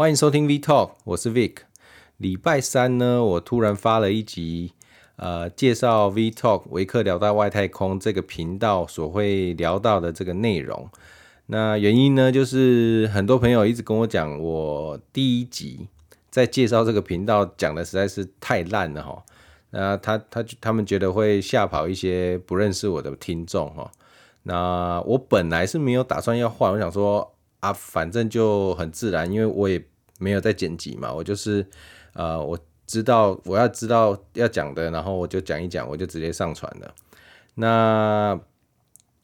歡迎收聽 VTalk，我是 Vic。禮拜三呢，我突然發了一集，呃，介紹 VTalk 維克聊到外太空這個頻道所會聊到的這個內容。那原因呢，就是很多朋友一直跟我講，我第一集在介紹這個頻道講得實在是太爛了哈。那他他他們覺得會嚇跑一些不認識我的聽眾哈。那我本來是沒有打算要換，我想說啊，反正就很自然，因為我也。沒有在剪輯嘛，我就是，呃，我知道我要知道要講的，然後我就講一講，我就直接上傳了。那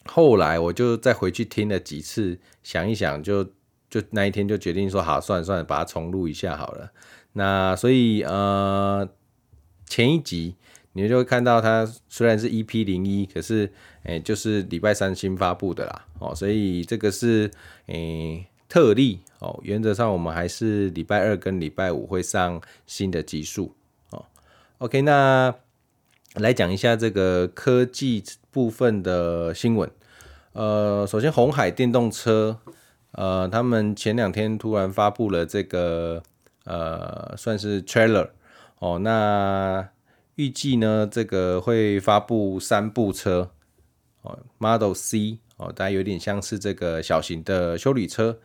後來我就再回去聽了幾次，想一想，就就那一天就決定說，好，算了算了把它重錄一下好了。那所以呃，前一集你就會看到它雖然是 EP 零一，可是欸，就是禮拜三新發布的啦，喔，所以這個是欸。特例哦，原則上我們還是禮拜二跟禮拜五會上新的集數哦。OK，那來講一下這個科技部分的新聞。呃，首先鴻海電動車，呃，他們前兩天突然發布了這個呃，算是 trailer 哦。那預計呢，這個會發布三部車哦，Model C 哦，大概有點像是這個小型的休旅車。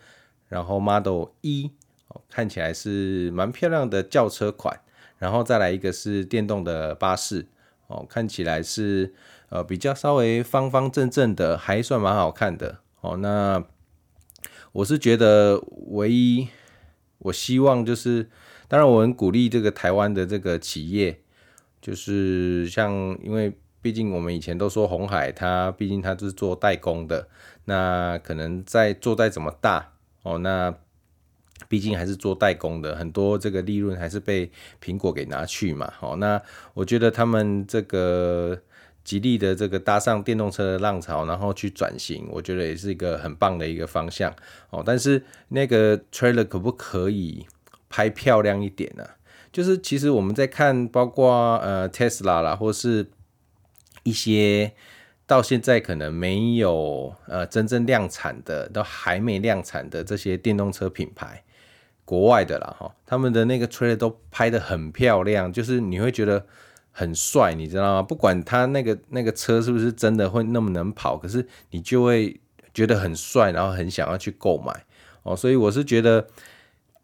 然後 Model E 哦，看起來是蠻漂亮的轎車款，然後再來一個是電動的巴士哦，看起來是呃比較稍微方方正正的，還算蠻好看的哦。那我是覺得唯一我希望就是，當然我們鼓勵這個台灣的這個企業，就是像因為畢竟我們以前都說鴻海，它畢竟它是做代工的，那可能再做再怎麼大。哦，那畢竟還是做代工的，很多這個利潤還是被蘋果給拿去嘛。好、哦，那我覺得他們這個吉利的這個搭上電動車的浪潮，然後去轉型，我覺得也是一個很棒的一個方向。哦，但是那個 trailer 可不可以拍漂亮一點呢、啊？就是其實我們在看，包括呃 Tesla 啦，或是一些。到現在可能沒有呃真正量產的，都還沒量產的這些電動車品牌，國外的啦哈、喔，他們的那個 trailer 都拍得很漂亮，就是你會覺得很帥，你知道嗎？不管他那個那個車是不是真的會那麼能跑，可是你就會覺得很帥，然後很想要去購買哦、喔。所以我是覺得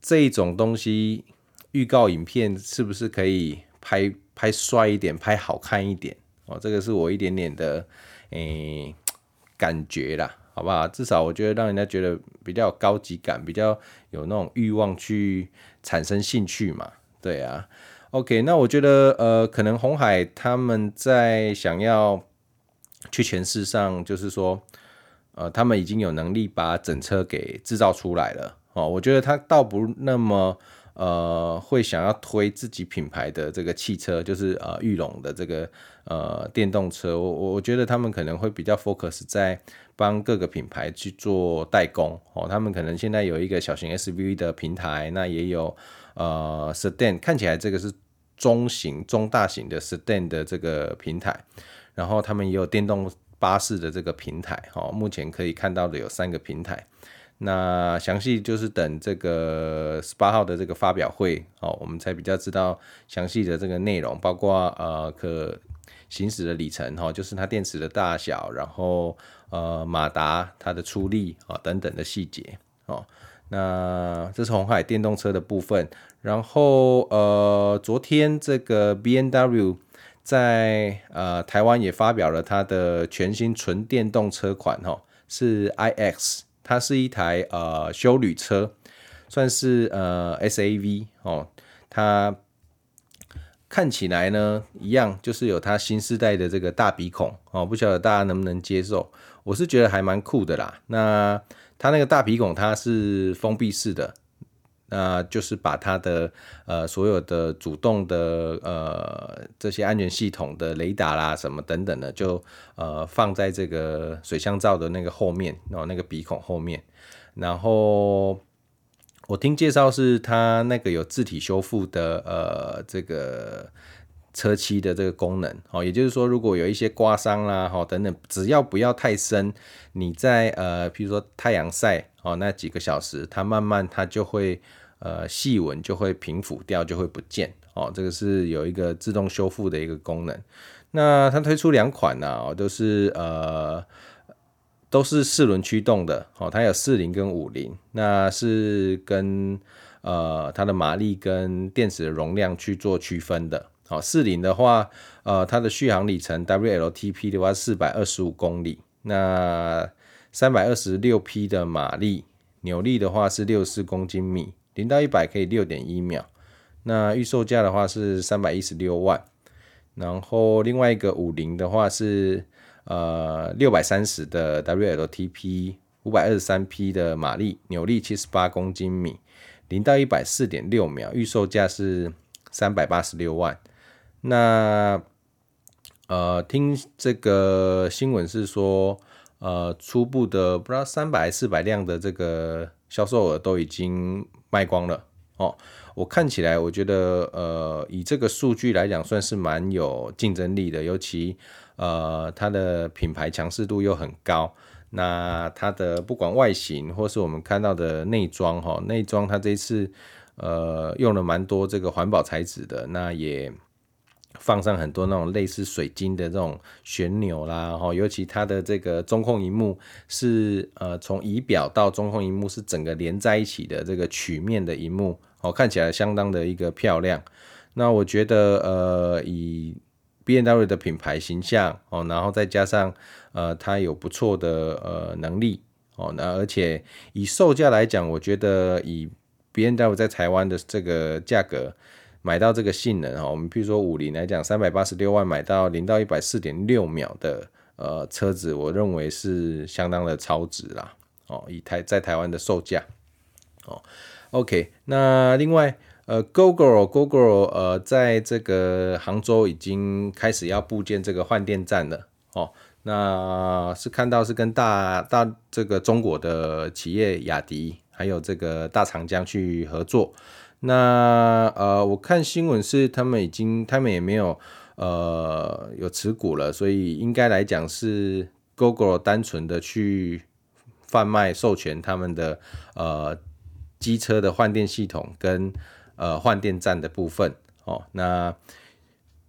這一種東西，預告影片是不是可以拍拍帥一點，拍好看一點？哦，這個是我一點點的，誒、欸，感覺啦，好不好？至少我覺得讓人家覺得比較有高級感，比較有那種欲望去產生興趣嘛，對啊。OK，那我覺得，呃，可能鴻海他們在想要去詮釋上，就是說，呃，他們已經有能力把整車給制造出來了。哦，我覺得他倒不那麼。呃，會想要推自己品牌的這個汽車，就是呃，裕隆的這個呃電動車。我我我覺得他們可能會比較 focus 在幫各個品牌去做代工哦。他們可能現在有一個小型 SUV 的平台，那也有呃 Sedan，看起來這個是中型、中大型的 Sedan 的這個平台。然後他們也有電動巴士的這個平台，哦，目前可以看到的有三個平台。那詳細就是等這個十八號的這個發表會，哦，我們才比較知道詳細的這個內容，包括呃可行駛的里程，哈，就是它電池的大小，然後呃馬達它的出力啊等等的細節，哦。那這是鴻海電動車的部分，然後呃昨天這個 BMW 在呃台灣也發表了它的全新純電動車款，哈，是 IX。它是一台呃休旅車，算是呃 SAV 哦。它看起來呢一樣，就是有它新世代的這個大鼻孔哦。不曉得大家能不能接受？我是覺得還蠻酷的啦。那它那個大鼻孔，它是封閉式的。那、呃、就是把它的呃所有的主動的呃這些安全系統的雷達啦什麼等等的，就呃放在這個水箱罩的那個後面哦，那個鼻孔後面。然後我聽介紹是它那個有自體修復的呃這個車漆的這個功能哦，也就是說如果有一些刮傷啦哈、哦、等等，只要不要太深，你在呃比如說太陽曬。哦，那幾個小時，它慢慢它就會，呃，細紋就會平復掉，就會不見。哦，這個是有一個自動修復的一個功能。那它推出兩款呢、啊，哦，都、就是呃，都是四輪驅動的。哦，它有四零跟五零，那是跟呃它的馬力跟電池的容量去做區分的。哦，四零的話，呃，它的續航里程 WLTP 的話是四百二十五公里。那三百二十六匹的馬力，扭力的話是六四公斤米，零到一百可以六點一秒。那預售價的話是三百一十六萬。然後另外一個五零的話是呃六百三十的 W L T P，五百二十三匹的馬力，扭力七十八公斤米，零到一百四點六秒，預售價是三百八十六萬。那呃，聽這個新聞是說。呃，初步的不知道三百四百輛的這個銷售額都已經賣光了哦。我看起來，我覺得呃，以這個數據來講，算是蠻有競爭力的。尤其呃，它的品牌強勢度又很高，那它的不管外形或是我們看到的內裝哈，內裝它這一次呃用了蠻多這個環保材質的，那也。放上很多那種類似水晶的這種旋鈕啦，然後尤其它的這個中控熒幕是呃從儀表到中控熒幕是整個連在一起的這個曲面的熒幕哦，看起來相當的一個漂亮。那我覺得呃以 B N W 的品牌形象哦，然後再加上呃它有不錯的呃能力哦，那而且以售價來講，我覺得以 B N W 在台灣的這個價格。買到這個性能我們譬如說五菱來講，三百八十六萬買到零到一百四點六秒的呃車子，我認為是相當的超值啦，哦，以台在台灣的售價，哦，OK，那另外呃，Gogoro Gogoro 呃，在這個杭州已經開始要布建這個換電站了，哦，那是看到是跟大大這個中國的企業雅迪還有這個大長江去合作。那呃，我看新聞是他們已經，他們也沒有呃有持股了，所以應該來講是 Gogoro 單純的去販賣授權他們的呃機車的換電系統跟呃換電站的部分哦。那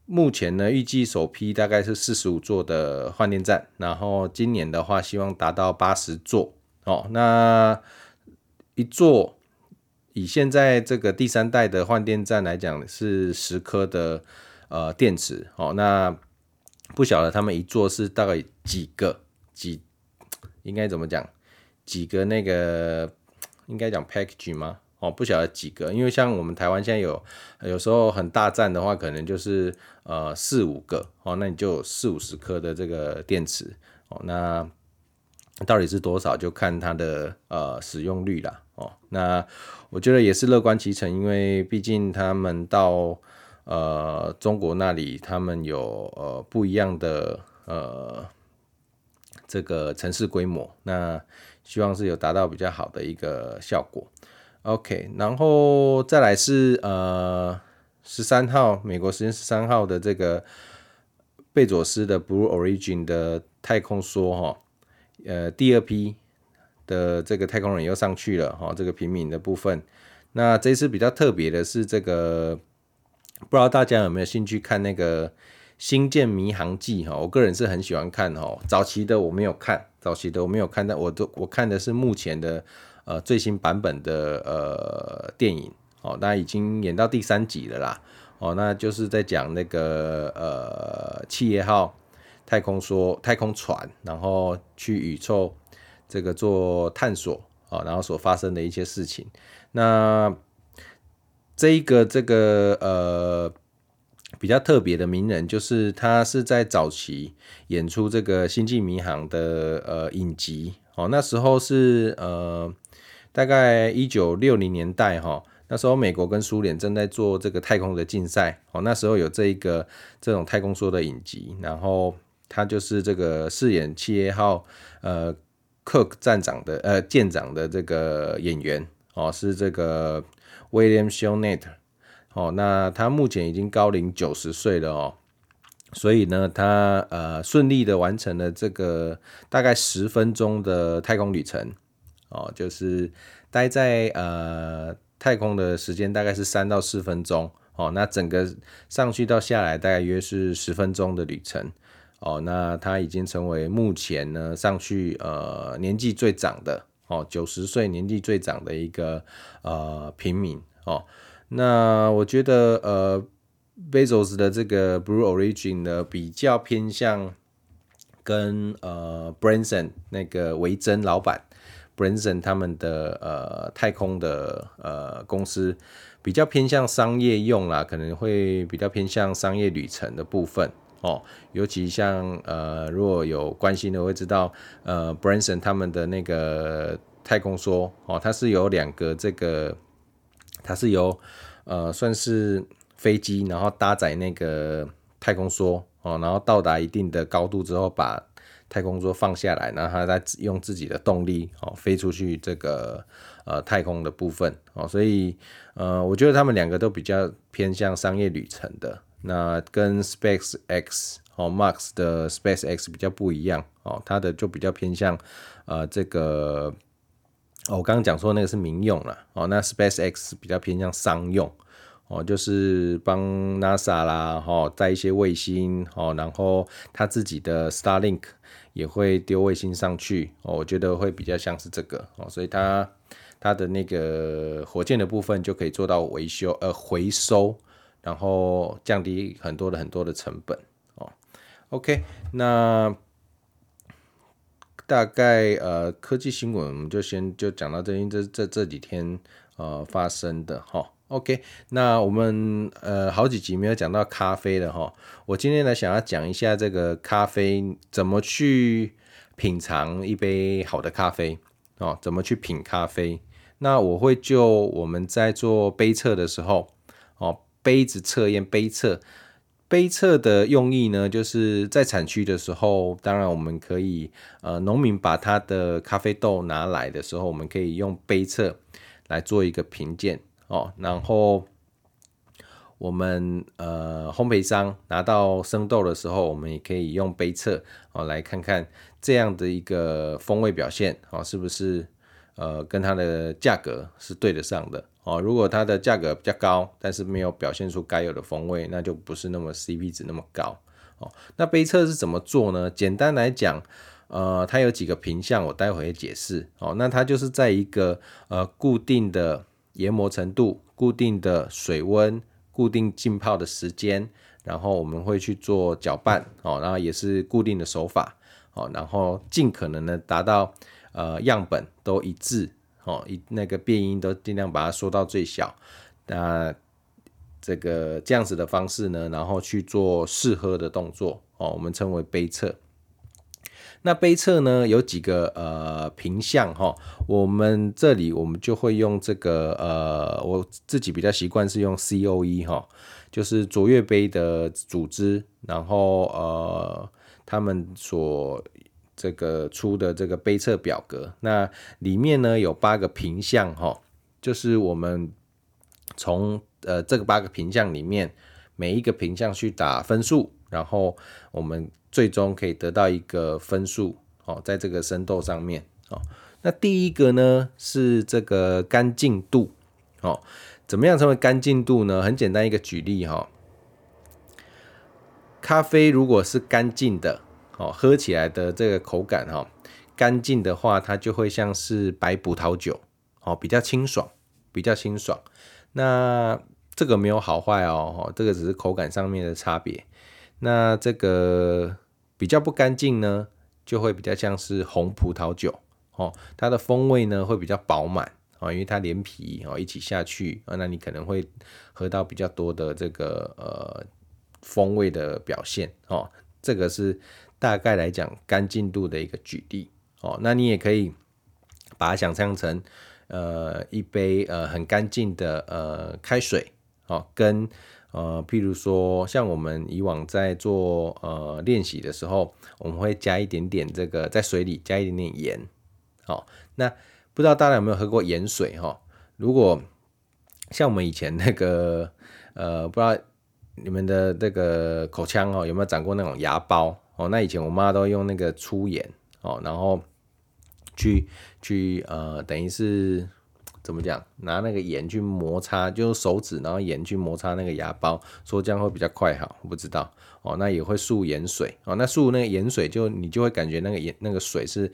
目前呢，預計首批大概是四十五座的換電站，然後今年的話，希望達到八十座哦。那一座。以現在這個第三代的換電站來講，是十顆的呃電池好，哦，那不曉得他們一座是大概幾個幾？應該怎麼講？幾個那個應該講 package 嗎？哦，不曉得幾個，因為像我們台灣現在有有時候很大站的話，可能就是呃四五個哦。那你就有四五十顆的這個電池哦。那到底是多少，就看它的呃使用率啦。哦。那我覺得也是樂觀其成，因為畢竟他們到呃中國那裡，他們有呃不一樣的呃這個城市規模，那希望是有達到比較好的一個效果。OK，然後再來是呃十三號，美國時間十三號的這個貝佐斯的 Blue Origin 的太空梭哈。哦呃，第二批的這個太空人又上去了哈、哦，這個平民的部分。那這次比較特別的是這個，不知道大家有沒有興趣看那個《星艦迷航記》哈、哦？我個人是很喜歡看哦，早期的我沒有看，早期的我沒有看到，我都我看的是目前的呃最新版本的呃電影哦，那已經演到第三集了啦哦，那就是在講那個呃企業號。太空梭、太空船，然後去宇宙這個做探索啊、哦，然後所發生的一些事情。那這一個這個、這個、呃比較特別的名人，就是他是在早期演出這個《星際迷航》的呃影集哦。那時候是呃大概一九六零年代哈、哦，那時候美國跟蘇聯正在做這個太空的競賽哦。那時候有這一個這種太空梭的影集，然後。他就是這個飾演企業號呃 Kirk 站長的呃艦長的這個演員哦，是這個 William Shatner 哦。那他目前已經高齡九十歲了哦，所以呢，他呃順利的完成了這個大概十分鐘的太空旅程哦，就是待在呃太空的時間大概是三到四分鐘哦。那整個上去到下來大概約是十分鐘的旅程。哦，那他已經成為目前呢上去呃年紀最長的哦，九十歲年紀最長的一個呃平民哦。那我覺得呃，Bezos 的這個 Blue Origin 呢比較偏向跟呃 Branson 那個維珍老板 Branson 他們的呃太空的呃公司比較偏向商業用啦，可能會比較偏向商業旅程的部分。哦，尤其像呃，如果有關心的會知道，呃 Branson 他們的那個太空梭哦，它是有兩個這個，它是由呃算是飛機，然後搭載那個太空梭哦，然後到達一定的高度之後，把太空梭放下來，然後它再用自己的動力哦飛出去這個呃太空的部分哦，所以呃，我覺得他們兩個都比較偏向商業旅程的。那跟 SpaceX 哦，馬斯克的 SpaceX 比較不一樣哦，它的就比較偏向呃這個哦，我剛剛講說那個是民用了哦，那 SpaceX 比較偏向商用哦，就是幫 NASA 啦哈，載、哦、一些衛星哦，然後他自己的 Starlink 也會丟衛星上去哦，我覺得會比較像是這個哦，所以它它的那個火箭的部分就可以做到維修呃回收。然後降低很多的很多的成本哦。OK，那大概呃科技新聞我們就先就講到這這這這幾天呃發生的哈。OK，那我們呃好幾集沒有講到咖啡了哈。我今天呢想要講一下這個咖啡怎麼去品嘗一杯好的咖啡哦，怎麼去品咖啡。那我會就我們在做杯測的時候哦。杯子測驗，杯測、杯測的用意呢，就是在產區的時候，當然我們可以呃，農民把他的咖啡豆拿來的時候，我們可以用杯測來做一個評鑑哦。然後我們呃，烘焙商拿到生豆的時候，我們也可以用杯測哦，來看看這樣的一個風味表現哦，是不是呃，跟它的價格是對得上的。哦，如果它的價格比較高，但是沒有表現出該有的風味，那就不是那麼 CP 值那麼高。哦，那杯測是怎麼做呢？簡單來講，呃，它有幾個評項，我待會也解釋。哦，那它就是在一個呃固定的研磨程度、固定的水溫、固定浸泡的時間，然後我們會去做攪拌。哦，然後也是固定的手法。哦，然後盡可能的達到呃樣本都一致。哦，一那個變音都儘量把它縮到最小，那這個這樣子的方式呢，然後去做試喝的動作哦，我們稱為杯測。那杯測呢有幾個呃評項哈，我們這裡我們就會用這個呃，我自己比較習慣是用 C O E 哈、哦，就是卓越杯的組織，然後呃他們所。這個出的這個杯測表格，那裡面呢有八個評項哈，就是我們從呃這個八個評項裡面，每一個評項去打分數，然後我們最終可以得到一個分數哦，在這個深度上面哦。那第一個呢是這個乾淨度哦，怎麼樣成為乾淨度呢？很簡單，一個舉例哈、哦，咖啡如果是乾淨的。哦，喝起來的這個口感哈，乾淨的話，它就會像是白葡萄酒哦，比較清爽，比較清爽。那這個沒有好壞哦，這個只是口感上面的差別。那這個比較不乾淨呢，就會比較像是紅葡萄酒哦，它的風味呢會比較飽滿哦，因為它連皮哦一起下去哦，那你可能會喝到比較多的這個呃風味的表現哦，這個是。大概來講，乾淨度的一個舉例哦，那你也可以把它想象成，呃，一杯呃很乾淨的呃開水哦，跟呃，譬如說像我們以往在做呃練習的時候，我們會加一點點這個在水裡加一點點鹽哦。那不知道大家有沒有喝過鹽水哈哦？如果像我們以前那個呃，不知道你們的這個口腔哦有沒有長過那種牙包？哦，那以前我媽都用那個粗鹽哦，然後去去呃，等於是怎麼講？拿那個鹽去摩擦，就手指，然後鹽去摩擦那個牙包，說這樣會比較快哈。我不知道哦，那也會漱鹽水哦，那漱那個鹽水就你就會感覺那個鹽那個水是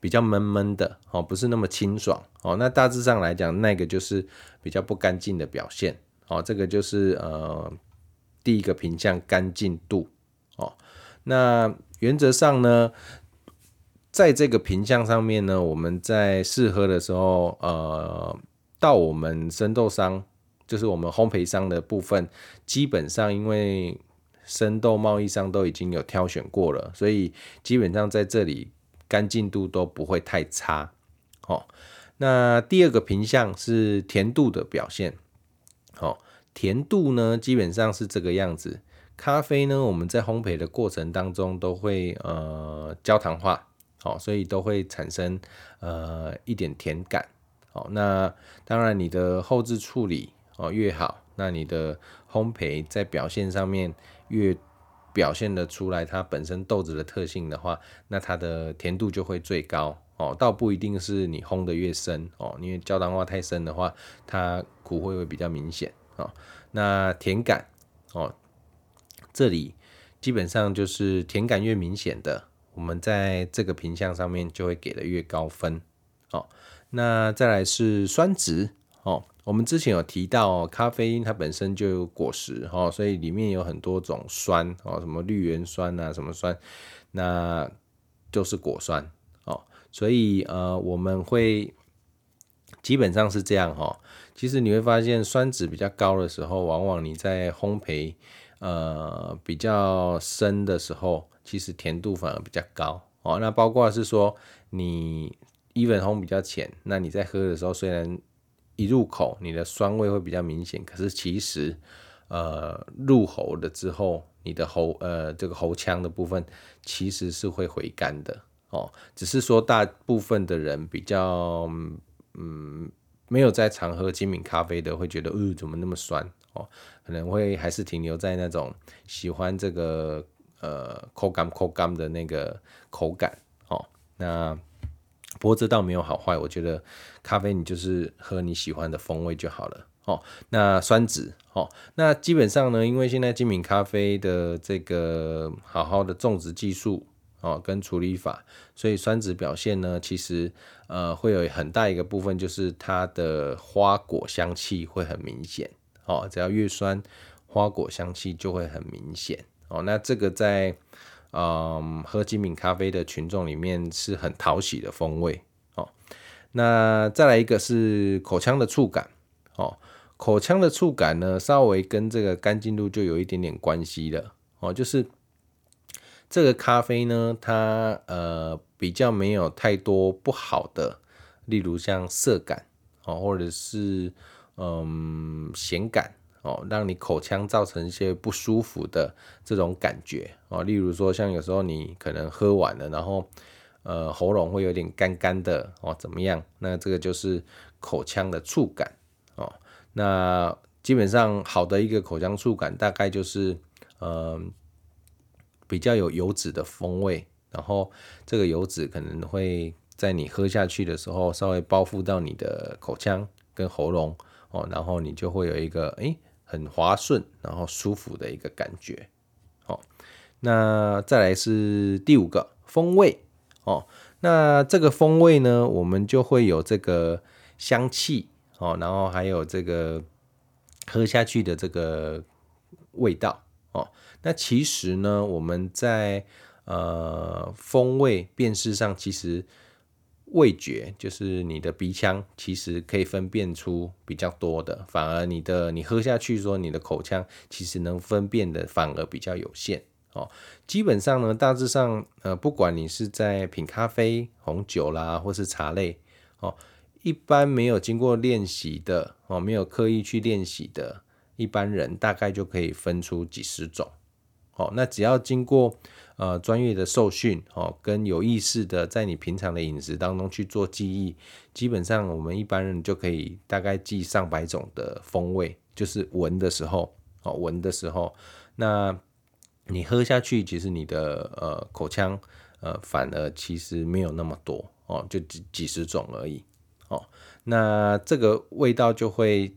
比較悶悶的哦，不是那麼清爽哦。那大致上來講，那個就是比較不乾淨的表現哦。這個就是呃第一個評價乾淨度。那原則上呢，在這個品相上面呢，我們在試喝的時候，呃，到我們生豆商，就是我們烘焙商的部分，基本上因為生豆貿易商都已經有挑選過了，所以基本上在這裡乾淨度都不會太差。哦，那第二個品相是甜度的表現。哦，甜度呢，基本上是這個樣子。咖啡呢，我們在烘焙的過程當中都會呃焦糖化，哦，所以都會產生呃一點甜感，哦。那當然你的後置處理哦越好，那你的烘焙在表現上面越表現得出來它本身豆子的特性的話，那它的甜度就會最高哦，倒不一定是你烘得越深哦，因為焦糖化太深的話，它苦會會比較明顯哦。那甜感哦。這裡基本上就是甜感越明顯的，我們在這個品相上面就會給得越高分。哦，那再來是酸質。哦，我們之前有提到咖啡因它本身就有果實，哦，所以裡面有很多種酸，哦，什麼綠原酸啊，什麼酸，那就是果酸。哦，所以呃，我們會基本上是這樣。哈、哦，其實你會發現酸質比較高的時候，往往你在烘焙。呃，比較深的時候，其實甜度反而比較高哦。那包括是說，你 even 紅比較淺，那你在喝的時候，雖然一入口你的酸味會比較明顯，可是其實，呃，入喉了之後，你的喉呃這個喉腔的部分其實是會回甘的哦。只是說，大部分的人比較嗯沒有在常喝精品咖啡的，會覺得，嗯、呃，怎麼那麼酸？哦，可能會還是停留在那種喜歡這個呃苦甘苦甘的那個口感哦。那不過這倒沒有好壞，我覺得咖啡你就是喝你喜歡的風味就好了哦。那酸質哦，那基本上呢，因為現在精品咖啡的這個好好的種植技術哦跟處理法，所以酸質表現呢，其實呃會有很大一個部分就是它的花果香氣會很明顯。哦，只要越酸，花果香氣就會很明顯哦。那這個在嗯喝精品咖啡的群眾裡面是很討喜的風味哦。那再來一個是口腔的觸感哦，口腔的觸感呢，稍微跟這個乾淨度就有一點點關係的了哦，就是這個咖啡呢，它呃比較沒有太多不好的，例如像澀感哦，或者是。嗯，鹹感哦，讓你口腔造成一些不舒服的這種感覺哦。例如說，像有時候你可能喝完了，然後呃，喉嚨會有點乾干的哦，怎麼樣？那這個就是口腔的觸感哦。那基本上好的一個口腔觸感，大概就是嗯、呃，比較有油脂的風味，然後這個油脂可能會在你喝下去的時候，稍微包覆到你的口腔跟喉嚨。哦，然後你就會有一個、欸、很滑順，然後舒服的一個感覺。哦、那再來是第五個風味哦。那這個風味呢，我們就會有這個香氣哦，然後還有這個喝下去的這個味道哦。那其實呢，我們在呃風味辨識上其實。味覺就是你的鼻腔其實可以分辨出比較多的，反而你的你喝下去說你的口腔其實能分辨的反而比較有限哦。基本上呢，大致上呃，不管你是在品咖啡、紅酒啦，或是茶類哦，一般沒有經過練習的哦，沒有刻意去練習的，一般人大概就可以分出幾十種。哦，那只要經過呃專業的受訓，哦，跟有意識的在你平常的飲食當中去做記憶，基本上我們一般人就可以大概記上百種的風味，就是聞的時候，哦，聞的時候，那你喝下去，其實你的呃口腔，呃，反而其實沒有那麼多，哦，就幾幾十種而已，哦，那這個味道就會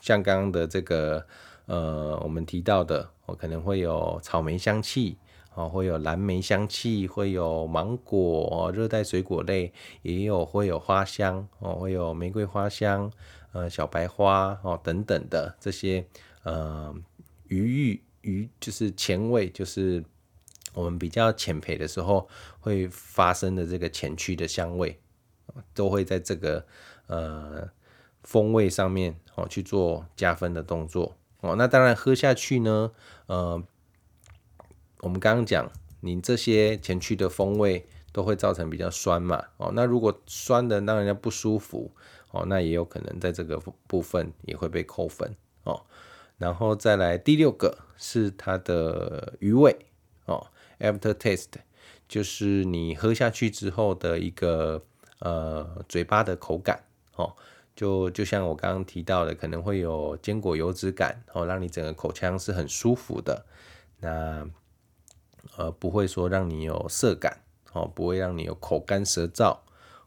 像剛剛的這個。呃，我們提到的，我、哦、可能會有草莓香氣，哦，會有藍莓香氣，會有芒果，哦，熱帶水果類，也有會有花香，哦，會有玫瑰花香，呃，小白花，哦，等等的這些，呃，餘韻、餘，就是前味，就是我們比較淺焙的時候會發生的這個前驅的香味，都會在這個呃風味上面哦去做加分的動作。哦，那當然喝下去呢，呃，我們剛剛講，你這些前驅的風味都會造成比較酸嘛。哦，那如果酸的讓人家不舒服，哦，那也有可能在這個部分也會被扣分哦。然後再來第六個是它的餘味哦，after taste，就是你喝下去之後的一個呃嘴巴的口感哦。就就像我剛剛提到的，可能會有堅果油脂感哦，讓你整個口腔是很舒服的。那呃，不會說讓你有澀感哦，不會讓你有口乾舌燥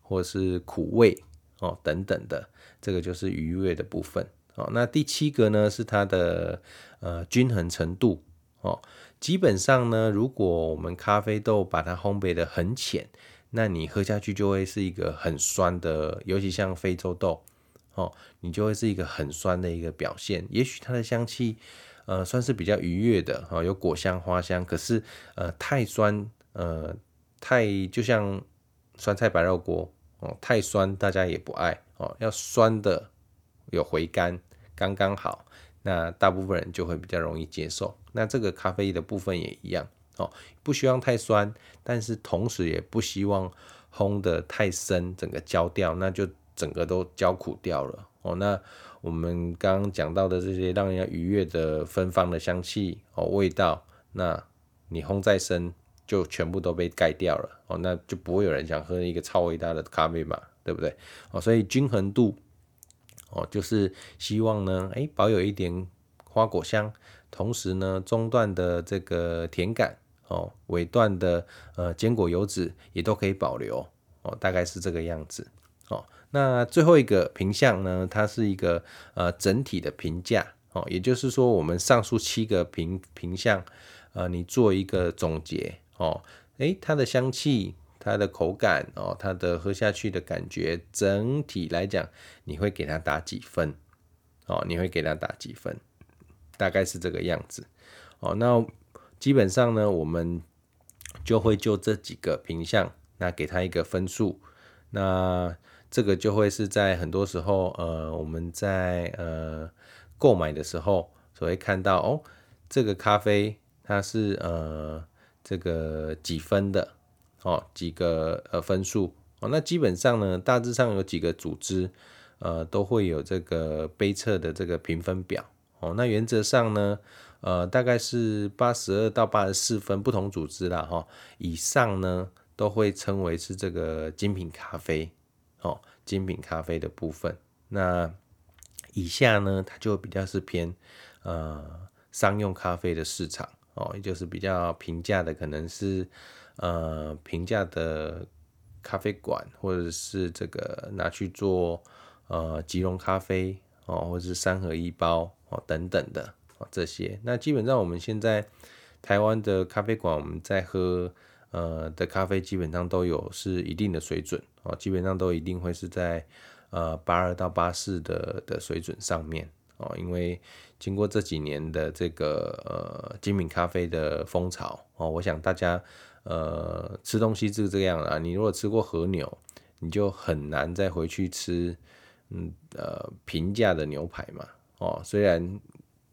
或是苦味哦等等的。這個就是愉悅的部分哦。那第七個呢，是它的呃均衡程度哦。基本上呢，如果我們咖啡豆把它烘焙得很淺，那你喝下去就會是一個很酸的，尤其像非洲豆。哦，你就會是一個很酸的一個表現。也許它的香氣，呃，算是比較愉悅的，哈、呃，有果香、花香。可是，呃，太酸，呃，太就像酸菜白肉鍋，哦、呃，太酸大家也不愛，哦、呃，要酸的有回甘，剛剛好，那大部分人就會比較容易接受。那這個咖啡的部分也一樣，哦、呃，不希望太酸，但是同時也不希望烘得太深，整個焦掉，那就。整個都焦苦掉了哦。那我們剛剛講到的這些讓人家愉悅的芬芳的香氣哦，味道，那你烘再深就全部都被蓋掉了哦，那就不會有人想喝一個超偉大的咖啡嘛，對不對？哦，所以均衡度哦，就是希望呢，哎，保有一點花果香，同時呢，中段的這個甜感哦，尾段的呃堅果油脂也都可以保留哦，大概是這個樣子哦。那最後一個評項呢？它是一個呃整體的評價哦，也就是說我們上述七個評評項，呃，你做一個總結哦，誒、欸，它的香氣、它的口感哦，它的喝下去的感覺，整體來講，你會給它打幾分？哦，你會給它打幾分？大概是這個樣子哦。那基本上呢，我們就會就這幾個評項，那給它一個分數，那。這個就會是在很多時候，呃，我們在呃購買的時候，所以看到哦，這個咖啡它是呃這個幾分的哦，幾個呃分數哦。那基本上呢，大致上有幾個組織呃都會有這個杯測的這個評分表哦。那原則上呢，呃，大概是八十二到八十四分，不同組織啦哈、哦，以上呢都會稱為是這個精品咖啡，哦，精品咖啡的部分，那以下呢，它就比較是偏呃商用咖啡的市場哦，也就是比較平價的，可能是呃平價的咖啡館，或者是這個拿去做呃即溶咖啡哦，或者是三合一包哦等等的哦這些。那基本上我們現在台灣的咖啡館，我們在喝呃的咖啡基本上都有是一定的水準。哦，基本上都一定會是在，呃，八二到八四的的水準上面哦，因為經過這幾年的這個呃精品咖啡的風潮哦，我想大家呃吃東西就是這樣啦、啊，你如果吃過和牛，你就很難再回去吃嗯呃平價的牛排嘛哦，雖然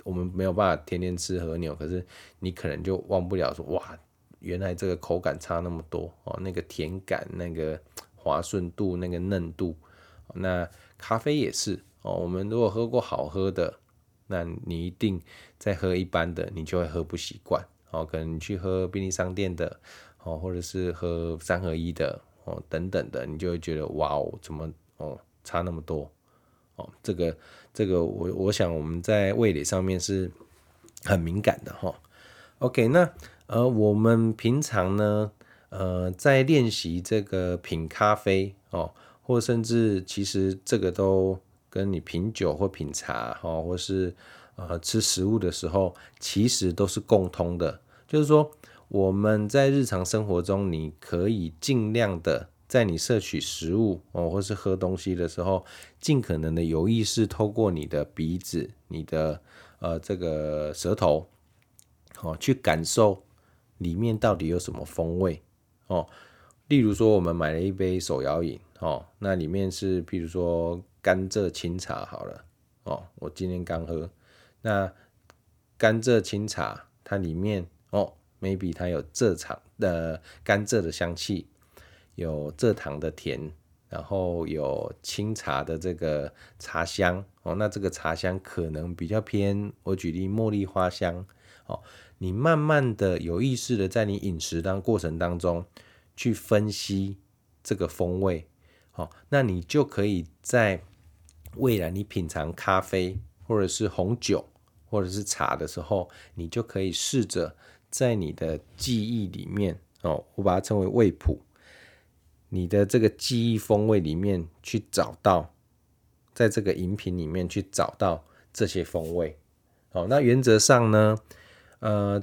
我們沒有辦法天天吃和牛，可是你可能就忘不了說哇，原來這個口感差那麼多哦，那個甜感那個。滑順度那個嫩度，那咖啡也是哦。我們如果喝過好喝的，那你一定再喝一般的，你就會喝不習慣哦。可能你去喝便利商店的哦，或者是喝三合一的哦，等等的，你就會覺得哇哦，怎麼哦差那麼多哦？這個這個我我想我們在味蕾上面是很敏感的哈、哦。OK，那呃我們平常呢？呃，在練習這個品咖啡哦，或甚至其實這個都跟你品酒或品茶哦，或是呃吃食物的時候，其實都是共通的。就是說，我們在日常生活中，你可以儘量的在你攝取食物哦，或是喝東西的時候，儘可能的有意識透過你的鼻子、你的呃這個舌頭，哦，去感受裡面到底有什麼風味。哦，例如說我們買了一杯手搖飲，哦，那裡面是譬如說甘蔗清茶好了，哦，我今天剛喝，那甘蔗清茶它裡面，哦，maybe 它有蔗糖的甘蔗的香氣，有蔗糖的甜，然後有清茶的這個茶香，哦，那這個茶香可能比較偏，我舉例茉莉花香，哦。你慢慢的有意識的在你飲食當過程當中去分析這個風味，哦，那你就可以在未來你品嘗咖啡或者是紅酒或者是茶的時候，你就可以試着在你的記憶裡面哦，我把它稱為味譜，你的這個記憶風味裡面去找到，在這個飲品裡面去找到這些風味，哦。那原則上呢？呃，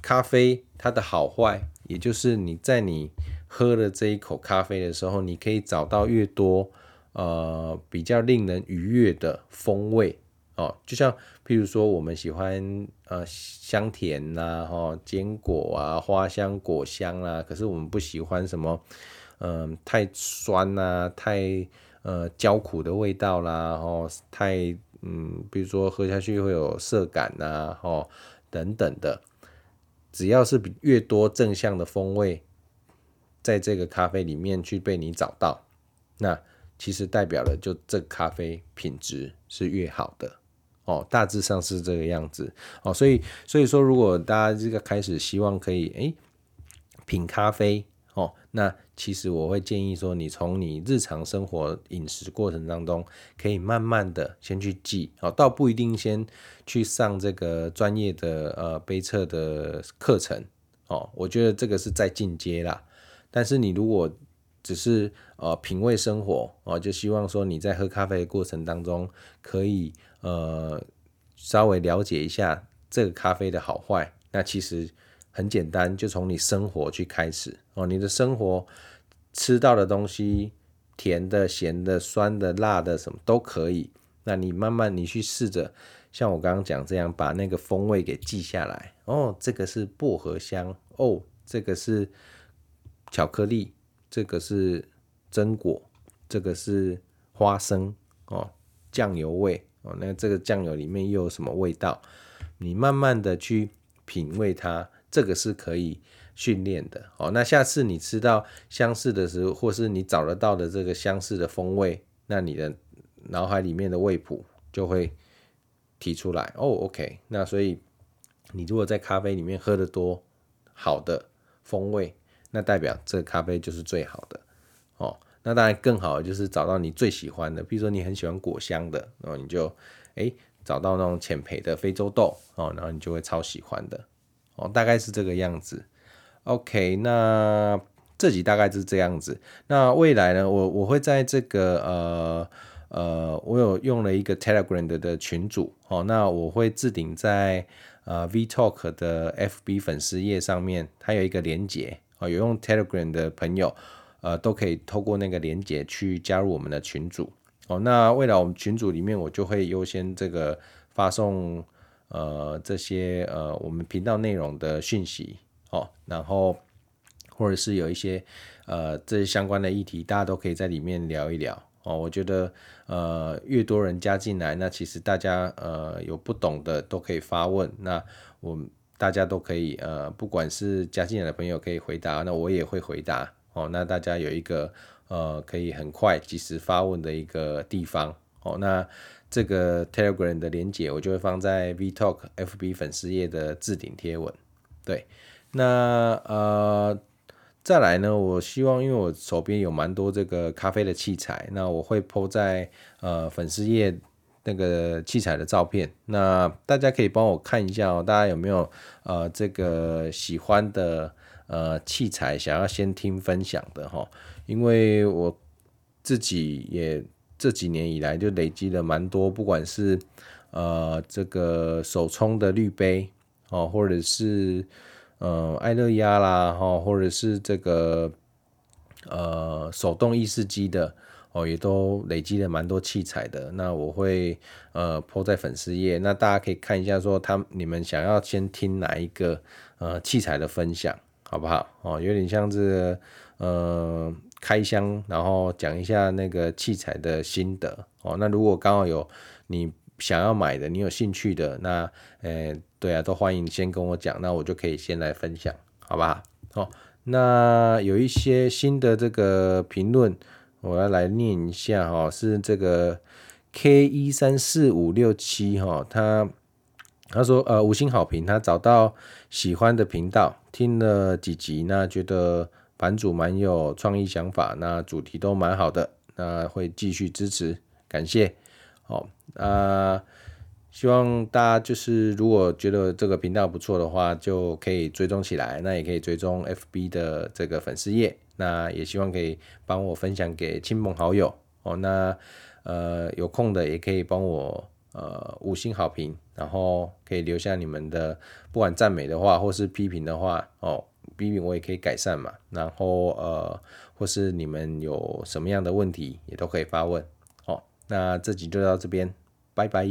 咖啡它的好壞，也就是你在你喝了這一口咖啡的時候，你可以找到越多呃比較令人愉悅的風味哦。就像譬如說，我們喜歡呃香甜啦、啊，吼、哦、堅果啊，花香果香啦、啊。可是我們不喜歡什麼嗯、呃、太酸啦、啊，太呃焦苦的味道啦，吼、哦、太嗯，比如說喝下去會有澀感吶、啊，吼、哦。等等的，只要是比越多正向的風味，在這個咖啡裡面去被你找到，那其實代表了就這個咖啡品質是越好的哦，大致上是這個樣子哦，所以所以說，如果大家這個開始希望可以，誒，品咖啡。哦，那其實我會建議說，你從你日常生活飲食過程當中，可以慢慢的先去記哦，倒不一定先去上這個專業的呃杯測的課程哦，我覺得這個是在進階啦。但是你如果只是呃品味生活哦，就希望說你在喝咖啡的過程當中，可以呃稍微了解一下這個咖啡的好壞，那其實。很簡單，就從你生活去開始哦。你的生活吃到的東西，甜的、鹹的、酸的、辣的，什麼都可以。那你慢慢你去試着，像我剛剛講這樣，把那個風味給記下來哦。這個是薄荷香哦，這個是巧克力，這個是榛果，這個是花生哦，醬油味哦。那這個醬油裡面又有什麼味道？你慢慢的去品味它。這個是可以訓練的哦。那下次你吃到相似的時候，或是你找得到的這個相似的風味，那你的腦海裡面的味譜就會提出來哦。OK，那所以你如果在咖啡裡面喝得多好的風味，那代表這個咖啡就是最好的哦。那當然更好的就是找到你最喜歡的，比如說你很喜歡果香的，那你就誒、欸、找到那種淺焙的非洲豆哦，然後你就會超喜歡的。哦，大概是這個樣子。OK，那這集大概是這樣子。那未來呢，我我會在這個呃呃，我有用了一個 Telegram 的的群組哦。那我會置頂在呃 V Talk 的 FB 粉絲頁上面，它有一個鏈接哦。有用 Telegram 的朋友呃，都可以透過那個鏈接去加入我們的群組哦。那未來我們群組裡面，我就會優先這個發送。呃，這些呃，我們頻道內容的訊息哦，然後或者是有一些呃，這些相關的議題，大家都可以在裡面聊一聊哦。我覺得呃，越多人加進來，那其實大家呃有不懂的都可以發問，那我們大家都可以呃，不管是加進來的朋友可以回答，那我也會回答哦。那大家有一個呃，可以很快即時發問的一個地方哦。那這個 Telegram 的連結我就會放在 VTalk FB 粉絲頁的置頂貼文。對，那呃再來呢，我希望因為我手邊有蠻多這個咖啡的器材，那我會 po 在呃粉絲頁那個器材的照片。那大家可以幫我看一下哦，大家有沒有呃這個喜歡的呃器材想要先聽分享的吼？因為我自己也。這幾年以來就累積了蠻多，不管是呃這個手沖的濾杯哦，或者是呃愛樂壓啦哈、哦，或者是這個呃手動意式機的哦，也都累積了蠻多器材的。那我會呃 po 在粉絲頁，那大家可以看一下，說他你們想要先聽哪一個呃器材的分享，好不好？哦，有點像這個、呃。開箱，然後講一下那個器材的心得哦。那如果剛好有你想要買的，你有興趣的，那呃，對啊，都歡迎先跟我講，那我就可以先來分享，好吧？好、哦，那有一些新的這個評論，我要來念一下哈、哦。是這個 K 一三四五六七哈，他他說呃五星好評，他找到喜歡的頻道，聽了幾集，那覺得。版主蠻有創意想法，那主題都蠻好的，那會繼續支持，感謝。哦，呃，希望大家就是如果覺得這個頻道不錯的話，就可以追蹤起來，那也可以追蹤 FB 的這個粉絲頁。那也希望可以幫我分享給親朋好友。哦，那呃有空的也可以幫我呃五星好評，然後可以留下你們的不管讚美的話或是批評的話哦。批評我也可以改善嘛，然後呃，或是你們有什麼樣的問題，也都可以發問。好，那這集就到這邊，拜拜。